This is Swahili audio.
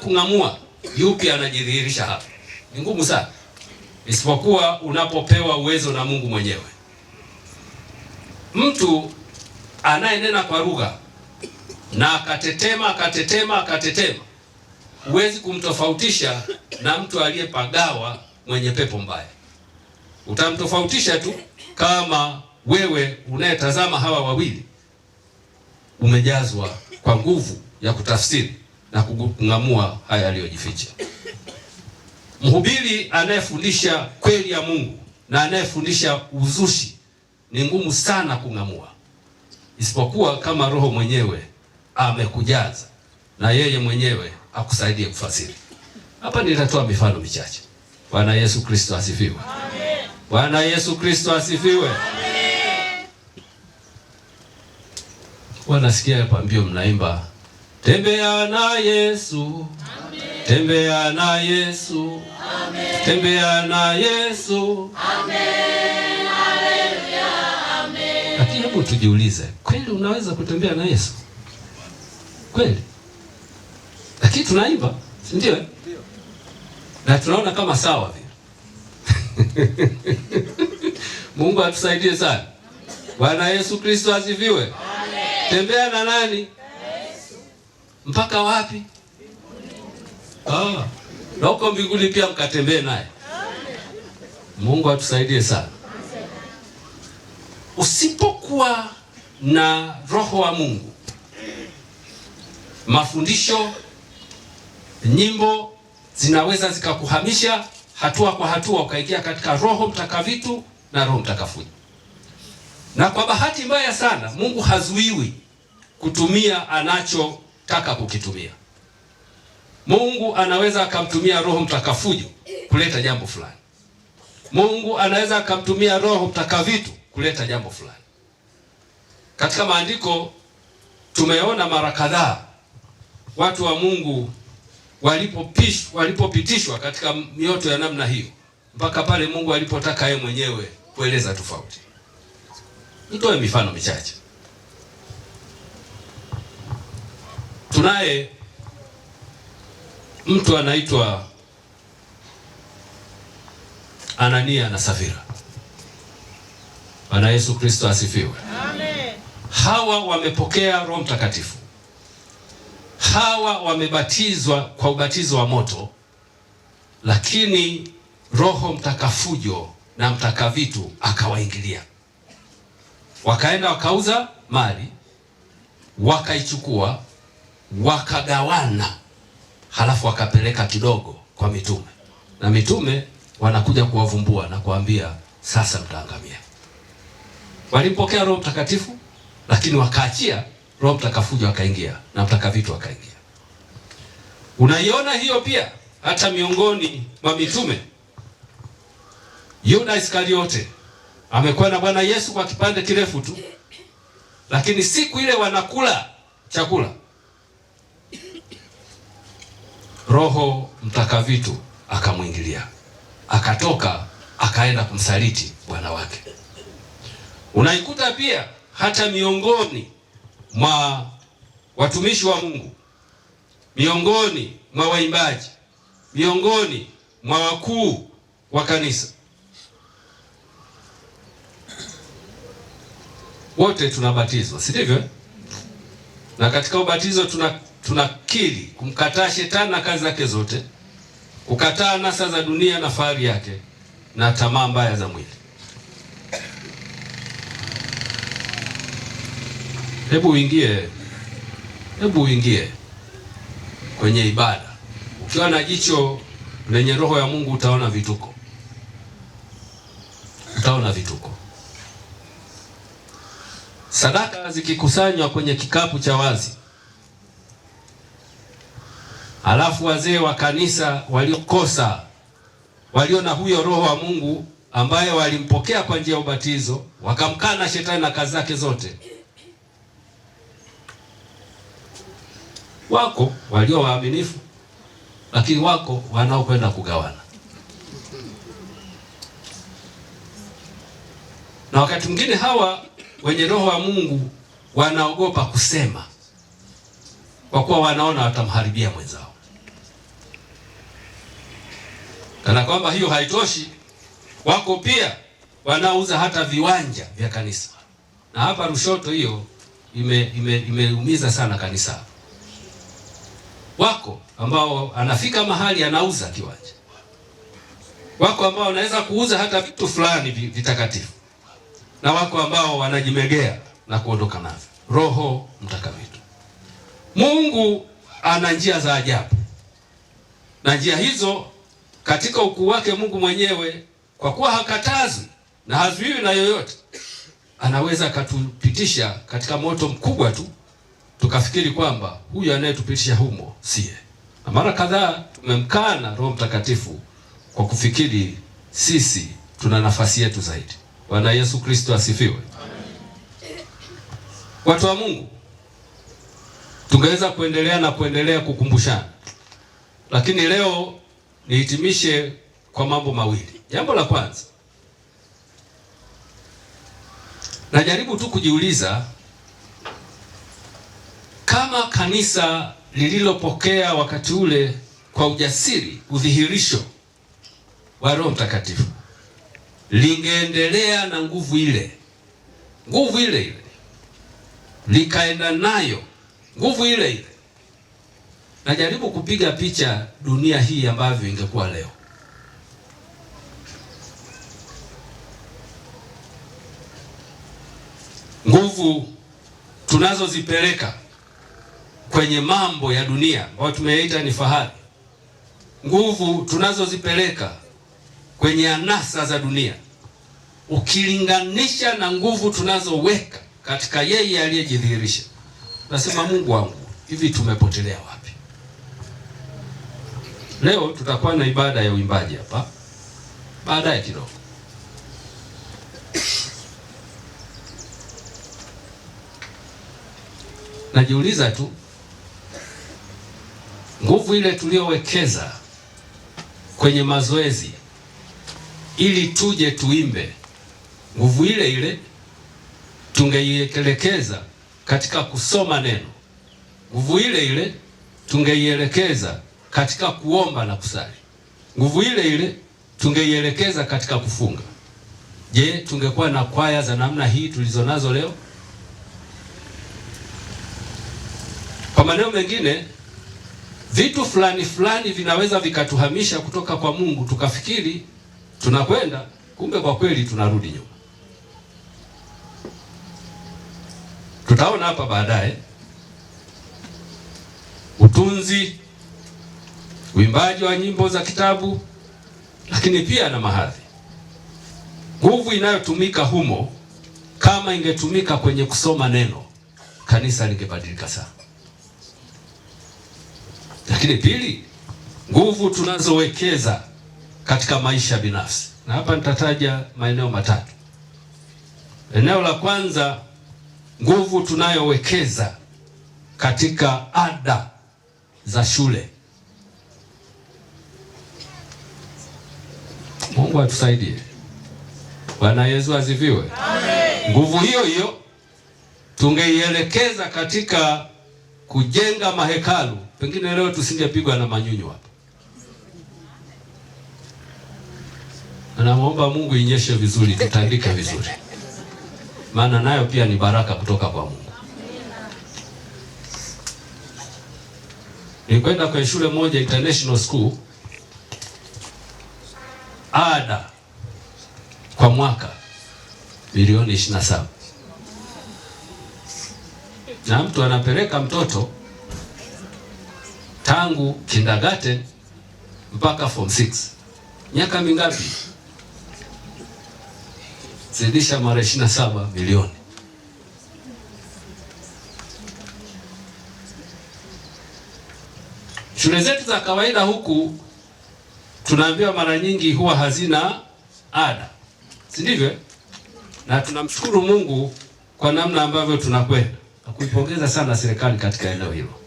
Kung'amua yupi anajidhihirisha hapa ni ngumu sana, isipokuwa unapopewa uwezo na Mungu mwenyewe. Mtu anayenena kwa lugha na akatetema akatetema akatetema, huwezi kumtofautisha na mtu aliyepagawa mwenye pepo mbaya. Utamtofautisha tu kama wewe unayetazama hawa wawili umejazwa kwa nguvu ya kutafsiri na kung'amua haya yaliyojificha. Mhubiri anayefundisha kweli ya Mungu na anayefundisha uzushi ni ngumu sana kung'amua, isipokuwa kama Roho mwenyewe amekujaza na yeye mwenyewe akusaidie kufasiri. Hapa nitatoa mifano michache. Bwana Yesu Kristo asifiwe. Amen. Bwana Yesu Kristo asifiwe. Amen. Wanasikia hapa mbio mnaimba Tembea na Yesu. Amen. Tembea na Yesu. Amen. Tembea na Yesu. Amen. Haleluya. Amen. Lakini hebu tujiulize, kweli unaweza kutembea na Yesu? Kweli? Lakini tunaimba, si ndio? Na tunaona kama sawa vile. Mungu atusaidie sana. Bwana Yesu Kristo asifiwe. Amen. Tembea na nani? mpaka wapi? Ah, na huko mbinguni pia mkatembee naye. Mungu atusaidie sana. Usipokuwa na roho wa Mungu, mafundisho, nyimbo zinaweza zikakuhamisha hatua kwa hatua ukaingia katika roho mtakavitu na roho mtakafuji. Na kwa bahati mbaya sana Mungu hazuiwi kutumia anacho anachotaka kukitumia. Mungu anaweza akamtumia Roho Mtakafujo kuleta jambo fulani. Mungu anaweza akamtumia Roho Mtakavitu kuleta jambo fulani. Katika maandiko tumeona mara kadhaa watu wa Mungu walipopishwa, walipopitishwa katika mioto ya namna hiyo, mpaka pale Mungu alipotaka yeye mwenyewe kueleza tofauti. Nitoe mifano michache. Tunaye mtu anaitwa Anania na Safira. Bwana Yesu Kristo asifiwe. Amen. Hawa wamepokea Roho Mtakatifu. Hawa wamebatizwa kwa ubatizo wa moto, lakini Roho mtakafujo na mtakavitu akawaingilia, wakaenda wakauza mali wakaichukua wakagawana, halafu wakapeleka kidogo kwa mitume, na mitume wanakuja kuwavumbua na kuambia sasa mtaangamia. Walimpokea Roho Mtakatifu, lakini wakaachia Roho Mtakafujo akaingia na Mtakavitu akaingia. Unaiona hiyo pia hata miongoni mwa mitume. Yuda Iskariote amekuwa na Bwana Yesu kwa kipande kirefu tu, lakini siku ile wanakula chakula Roho Mtakavitu akamwingilia, akatoka akaenda kumsaliti bwana wake. Unaikuta pia hata miongoni mwa watumishi wa Mungu, miongoni mwa waimbaji, miongoni mwa wakuu wa kanisa, wote tunabatizwa, si ndivyo? Na katika ubatizo tuna tunakiri kumkataa shetani na kazi zake zote, kukataa nasa za dunia na fahari yake na tamaa mbaya za mwili. Hebu uingie, hebu uingie kwenye ibada ukiwa na jicho lenye roho ya Mungu, utaona vituko, utaona vituko. Sadaka zikikusanywa kwenye kikapu cha wazi Alafu wazee wa kanisa waliokosa, walio na huyo roho wa Mungu ambaye walimpokea kwa njia ya ubatizo, wakamkana shetani na kazi zake zote. Wako walio waaminifu, lakini wako wanaokwenda kugawana, na wakati mwingine hawa wenye roho wa Mungu wanaogopa kusema kwa kuwa wanaona watamharibia mwenzao. Kana kwamba hiyo haitoshi, wako pia wanaouza hata viwanja vya kanisa, na hapa Lushoto hiyo imeumiza ime, ime sana kanisa. Wako ambao anafika mahali anauza kiwanja, wako ambao wanaweza kuuza hata vitu fulani vitakatifu, na wako ambao wanajimegea na kuondoka navyo. Roho Mtakatifu, Mungu ana njia za ajabu, na njia hizo katika ukuu wake Mungu mwenyewe, kwa kuwa hakatazi na hazuiwi na yoyote, anaweza akatupitisha katika moto mkubwa tu tukafikiri kwamba huyu anayetupitisha humo siye. Na mara kadhaa tumemkana Roho Mtakatifu kwa kufikiri sisi tuna nafasi yetu zaidi. Bwana Yesu Kristo asifiwe. Amen. Watu wa Mungu, tungeweza kuendelea na kuendelea kukumbushana, lakini leo nihitimishe kwa mambo mawili. Jambo la kwanza, najaribu tu kujiuliza kama kanisa lililopokea wakati ule kwa ujasiri udhihirisho wa Roho Mtakatifu lingeendelea na nguvu ile nguvu ile ile likaenda nayo nguvu ile ile Najaribu kupiga picha dunia hii ambavyo ingekuwa leo. Nguvu tunazozipeleka kwenye mambo ya dunia ambayo tumeita ni fahari, nguvu tunazozipeleka kwenye anasa za dunia ukilinganisha na nguvu tunazoweka katika yeye aliyejidhihirisha, nasema Mungu wangu, hivi tumepotelea wapi? Leo tutakuwa na ibada ya uimbaji hapa baadaye kidogo. Najiuliza tu nguvu ile tuliyowekeza kwenye mazoezi ili tuje tuimbe, nguvu ile ile tungeielekeza katika kusoma neno, nguvu ile ile tungeielekeza katika kuomba na kusali. Nguvu ile ile tungeielekeza katika kufunga. Je, tungekuwa na kwaya za namna hii tulizonazo leo? Kwa maneno mengine, vitu fulani fulani vinaweza vikatuhamisha kutoka kwa Mungu, tukafikiri tunakwenda, kumbe kwa kweli tunarudi nyuma. Tutaona hapa baadaye utunzi uimbaji wa nyimbo za kitabu, lakini pia na mahadhi. Nguvu inayotumika humo kama ingetumika kwenye kusoma neno, kanisa lingebadilika sana. Lakini pili, nguvu tunazowekeza katika maisha binafsi, na hapa nitataja maeneo matatu. Eneo la kwanza, nguvu tunayowekeza katika ada za shule Mungu atusaidie. Bwana Yesu asifiwe. Amen. Nguvu hiyo hiyo tungeielekeza katika kujenga mahekalu, pengine leo tusingepigwa na manyunyu hapa. Namuomba Mungu inyeshe vizuri, tutandike vizuri, maana nayo pia ni baraka kutoka kwa Mungu. Nikwenda kwenye shule moja international school ada kwa mwaka milioni 27 na mtu anapeleka mtoto tangu kindagate mpaka form 6 miaka mingapi? Zidisha mara 27 milioni. Shule zetu za kawaida huku tunaambiwa mara nyingi huwa hazina ada, si ndivyo? Na tunamshukuru Mungu kwa namna ambavyo tunakwenda nakuipongeza kuipongeza sana serikali katika eneo hilo.